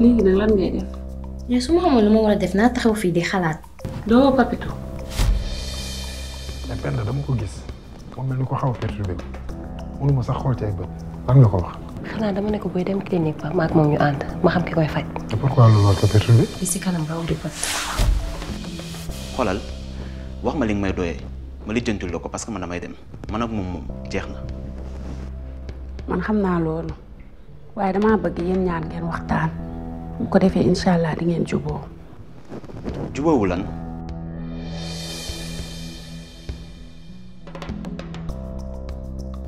ليه ده لم يقف يسمهم المورد في ناتخ وفي دي خلات دو بابتو لبنا ده مكو جس ومن لكو حاو في الربل ولو ما سخور تعب أنا لكو بخ خلا ده منك بوي دم كلينيك با ماك مو نيو أنت ما خم كي كوي فات تبركو على لو في الربل يسي كلام راو دي بات خلال wax ma li may doyé ma li jëntul lako parce que man damay dem man ak mom mom jeexna man xamna lolu waye dama bëgg yeen ñaan ngeen waxtaan bu ko defee incha allah di ngeen juboo juboowu lan.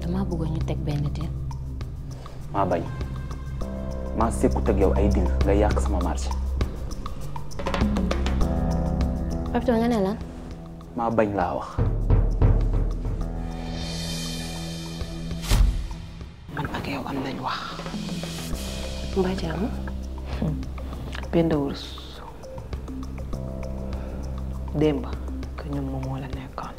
damaa bëggoon ñu teg benn diir. maa bañ maa sekkut ak yow ay diir nga yàq sama marché. Papito nga ne lan. maa bañ laa wax. man ak yow am nañ wax. mbaa jàmm. Penda Ours démb que ñoom moom moo la nekkoon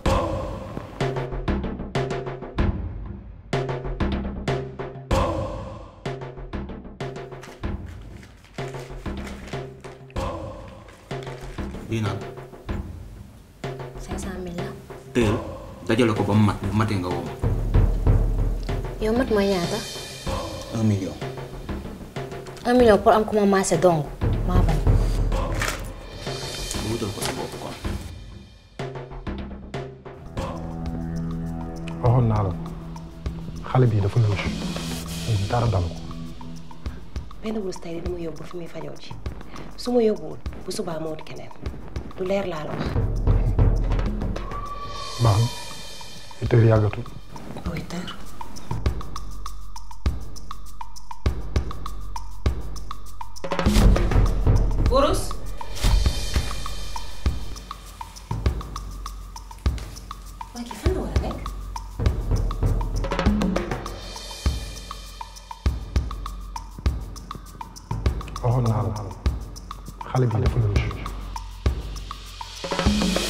lii naan cinq cent mille la teel dajale ko ba mu mat bu matee nga woo ma yow mat mooy ñaata un million un million pour am ku ma maase dong maa bañ. mu wutal ko sa bopp kon. waxoon naa la xale bii dafa lëkk dara dal ko. benn wurus tey dina ma yóbbu fi muy fajoo ci su ma yóbbuwul bu subaa ma wut keneen lu leer laa la wax. baax na. huit heures yàggatul. huit heures. فرص طيب، اهو النهارده خالد هنا في الوش